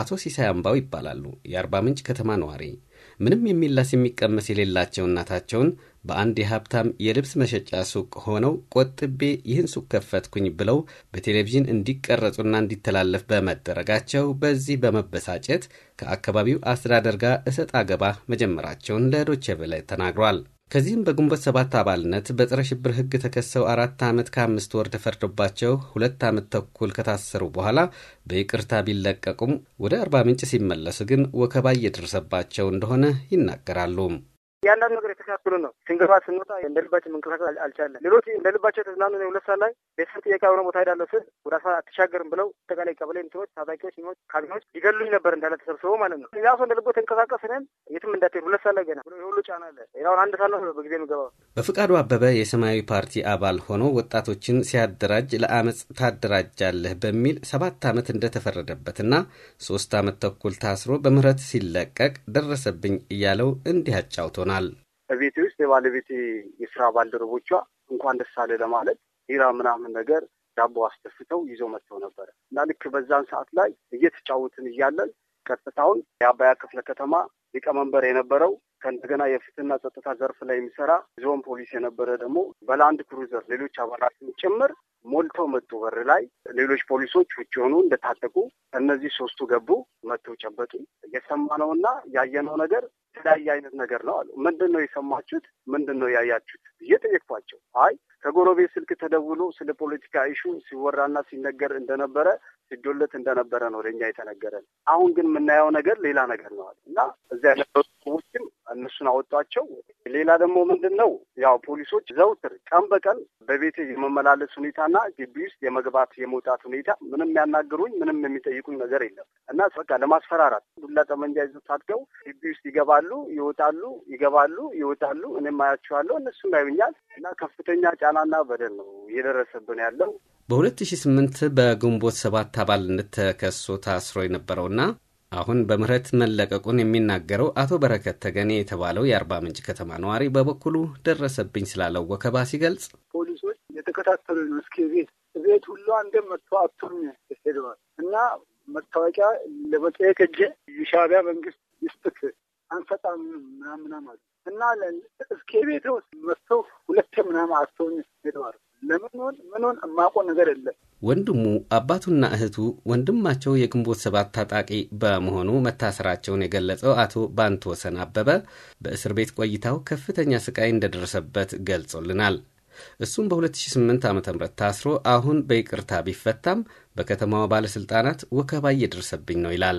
አቶ ሲሳይ አምባው ይባላሉ። የአርባ ምንጭ ከተማ ነዋሪ ምንም የሚላስ የሚቀመስ የሌላቸው እናታቸውን በአንድ የሀብታም የልብስ መሸጫ ሱቅ ሆነው ቆጥቤ ይህን ሱቅ ከፈትኩኝ ብለው በቴሌቪዥን እንዲቀረጹና እንዲተላለፍ በመደረጋቸው በዚህ በመበሳጨት ከአካባቢው አስተዳደር ጋር እሰጥ አገባ መጀመራቸውን ለዶቼ ቬለ ተናግሯል። ከዚህም በግንቦት ሰባት አባልነት በጸረ ሽብር ሕግ ተከሰው አራት ዓመት ከአምስት ወር ተፈርዶባቸው ሁለት ዓመት ተኩል ከታሰሩ በኋላ በይቅርታ ቢለቀቁም ወደ አርባ ምንጭ ሲመለሱ ግን ወከባ እየደረሰባቸው እንደሆነ ይናገራሉ። ያንዳንዱ ነገር የተካከሉ ነው። ስንገባ ስንወጣ እንደልባቸው መንቀሳቀስ አልቻለም። ሌሎች እንደልባቸው ተዝናኑ ነው። ሁለት ሰዓት ላይ ቤተሰብ ጥያቄ የሆነ ቦታ ሄዳለሁ ስል ወደ አስራ አትሻገርም ብለው አጠቃላይ ቀበሌ እንትኖች፣ ታጣቂዎች፣ ኖች ካቢኖች ሊገሉኝ ነበር እንዳለ ተሰብስበው ማለት ነው። ያ ሰው እንደልቦ ልቦ ተንቀሳቀስ ነን የትም እንዳትሄድ ሁለት ሰዓት ላይ ገና የሁሉ ጫና አለ። ሌላውን አንድ ነው በጊዜ ምገባ በፍቃዱ አበበ የሰማያዊ ፓርቲ አባል ሆኖ ወጣቶችን ሲያደራጅ ለአመፅ ታደራጃለህ በሚል ሰባት ዓመት እንደተፈረደበትና ሶስት ዓመት ተኩል ታስሮ በምህረት ሲለቀቅ ደረሰብኝ እያለው እንዲህ አጫውቶናል። ይሆናል። ቤቴ ውስጥ የባለቤቴ የስራ ባልደረቦቿ እንኳን ደስ አለ ለማለት ሌላ ምናምን ነገር ዳቦ አስደፍተው ይዘው መጥተው ነበረ እና ልክ በዛን ሰዓት ላይ እየተጫወትን እያለን ቀጥታውን የአባያ ክፍለ ከተማ ሊቀመንበር የነበረው ከእንደገና የፍትህና ጸጥታ ዘርፍ ላይ የሚሰራ ዞን ፖሊስ የነበረ ደግሞ በላንድ ክሩዘር ሌሎች አባላትን ጭምር ሞልቶ መጡ። በር ላይ ሌሎች ፖሊሶች ውጭ የሆኑ እንደታጠቁ እነዚህ ሶስቱ ገቡ፣ መጥተው ጨበጡ። የሰማነውና ያየነው ነገር የተለያየ አይነት ነገር ነው አሉ። ምንድን ነው የሰማችሁት? ምንድን ነው ያያችሁት ብዬ ጠየቅኳቸው። አይ ከጎረቤት ስልክ ተደውሎ ስለ ፖለቲካ ኢሹ ሲወራና ሲነገር እንደነበረ ሲዶለት እንደነበረ ነው ለእኛ የተነገረን። አሁን ግን የምናየው ነገር ሌላ ነገር ነዋል እና እዚያ ሰዎችም እነሱን አወጧቸው። ሌላ ደግሞ ምንድን ነው ያው ፖሊሶች ዘውትር ቀን በቀን በቤት የመመላለስ ሁኔታና ግቢ ውስጥ የመግባት የመውጣት ሁኔታ ምንም ያናገሩኝ ምንም የሚጠይቁኝ ነገር የለም እና በቃ ለማስፈራራት ዱላ ጠመንጃ ይዘው ታድገው ግቢ ውስጥ ይገባሉ፣ ይወጣሉ፣ ይገባሉ፣ ይወጣሉ። እኔም አያቸዋለሁ፣ እነሱም ያዩኛል እና ከፍተኛ ጫናና በደል ነው እየደረሰብን ያለው። በ2008 በግንቦት ሰባት አባልነት ተከሶ ታስሮ የነበረውና አሁን በምህረት መለቀቁን የሚናገረው አቶ በረከት ተገኔ የተባለው የአርባ ምንጭ ከተማ ነዋሪ በበኩሉ ደረሰብኝ ስላለው ወከባ ሲገልጽ ፖሊሶች የተከታተሉ ነው እስከ ቤት ቤት ሁሉ አንደ መጥቶ አቱን ሄደዋል እና መታወቂያ ለመጠየቅ እጄ የሻቢያ መንግስት ይስጥክ አንሰጣም ምናምናም አሉ እና እስከ ቤት መጥተው ሁለት ምናም አቶኝ ሄደዋል ለምንሆን ምንሆን የማውቀው ነገር የለም። ወንድሙ አባቱና እህቱ ወንድማቸው የግንቦት ሰባት ታጣቂ በመሆኑ መታሰራቸውን የገለጸው አቶ ወሰን አበበ በእስር ቤት ቆይታው ከፍተኛ ስቃይ እንደደረሰበት ገልጾልናል። እሱም በ2008 ዓ ም ታስሮ አሁን በይቅርታ ቢፈታም በከተማዋ ባለሥልጣናት ወከባ እየደረሰብኝ ነው ይላል።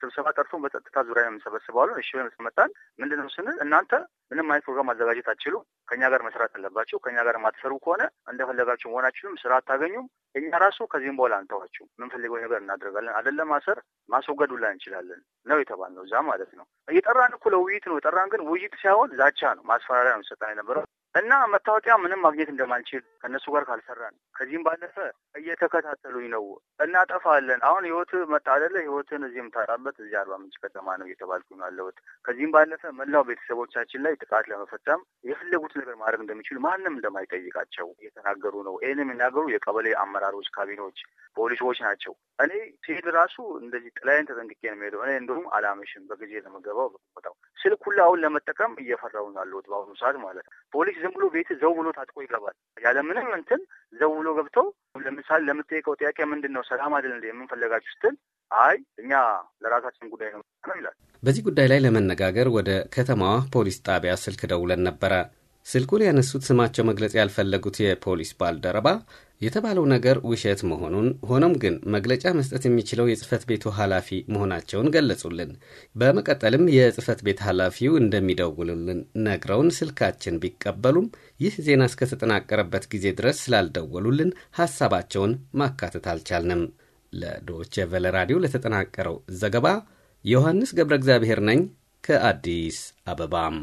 ስብሰባ ጠርቶ በጸጥታ ዙሪያ ነው የሚሰበስበዋሉ። እሺ ብለን መጣን። ምንድን ነው ስንል እናንተ ምንም አይነት ፕሮግራም ማዘጋጀት አትችሉም፣ ከእኛ ጋር መስራት አለባችሁ። ከእኛ ጋር ማትሰሩ ከሆነ እንደፈለጋችሁ መሆናችሁም ስራ አታገኙም። እኛ ራሱ ከዚህም በኋላ አንተዋችሁ ምንፈልገው ነገር እናደርጋለን። አይደለም ማሰር ማስወገዱ ላይ እንችላለን ነው የተባልነው እዛ ማለት ነው። እየጠራን እኮ ለውይይት ነው የጠራን፣ ግን ውይይት ሳይሆን ዛቻ ነው፣ ማስፈራሪያ ነው ሰጠን የነበረው። እና መታወቂያ ምንም ማግኘት እንደማልችል ከእነሱ ጋር ካልሰራን፣ ከዚህም ባለፈ እየተከታተሉኝ ነው እናጠፋለን። አሁን ህይወት መጣደለ ህይወትን እዚህ የምታጣበት እዚህ አርባ ምንጭ ከተማ ነው እየተባልኩኝ ያለሁት። ከዚህም ባለፈ መላው ቤተሰቦቻችን ላይ ጥቃት ለመፈጸም የፈለጉት ነገር ማድረግ እንደሚችሉ ማንም እንደማይጠይቃቸው እየተናገሩ ነው። ይህን የሚናገሩ የቀበሌ አመራሮች፣ ካቢኖች፣ ፖሊሶች ናቸው። እኔ ሲሄድ ራሱ እንደዚህ ጥላይን ተጠንቅቄ ነው የሚሄደው። እኔ እንደሁም አላመሽም በጊዜ ለመገባው በቦታው ስልክ ሁሉ አሁን ለመጠቀም እየፈራው ነው ያለሁት በአሁኑ ሰዓት ማለት ነው። ፖሊስ ዝም ብሎ ቤት ዘው ብሎ ታጥቆ ይገባል ያለምንም እንትን ዘው ብሎ ገብቶ ለምሳሌ ለምትጠይቀው ጥያቄ ምንድን ነው ሰላም አይደል እንደ የምንፈለጋችሁ ስትል አይ እኛ ለራሳችን ጉዳይ ነው ይላል። በዚህ ጉዳይ ላይ ለመነጋገር ወደ ከተማዋ ፖሊስ ጣቢያ ስልክ ደውለን ነበረ። ስልኩን ያነሱት ስማቸው መግለጽ ያልፈለጉት የፖሊስ ባልደረባ የተባለው ነገር ውሸት መሆኑን ሆኖም ግን መግለጫ መስጠት የሚችለው የጽህፈት ቤቱ ኃላፊ መሆናቸውን ገለጹልን። በመቀጠልም የጽህፈት ቤት ኃላፊው እንደሚደውሉልን ነግረውን ስልካችን ቢቀበሉም ይህ ዜና እስከተጠናቀረበት ጊዜ ድረስ ስላልደወሉልን ሐሳባቸውን ማካተት አልቻልንም። ለዶቼ ቬለ ራዲዮ ለተጠናቀረው ዘገባ ዮሐንስ ገብረ እግዚአብሔር ነኝ ከአዲስ አበባም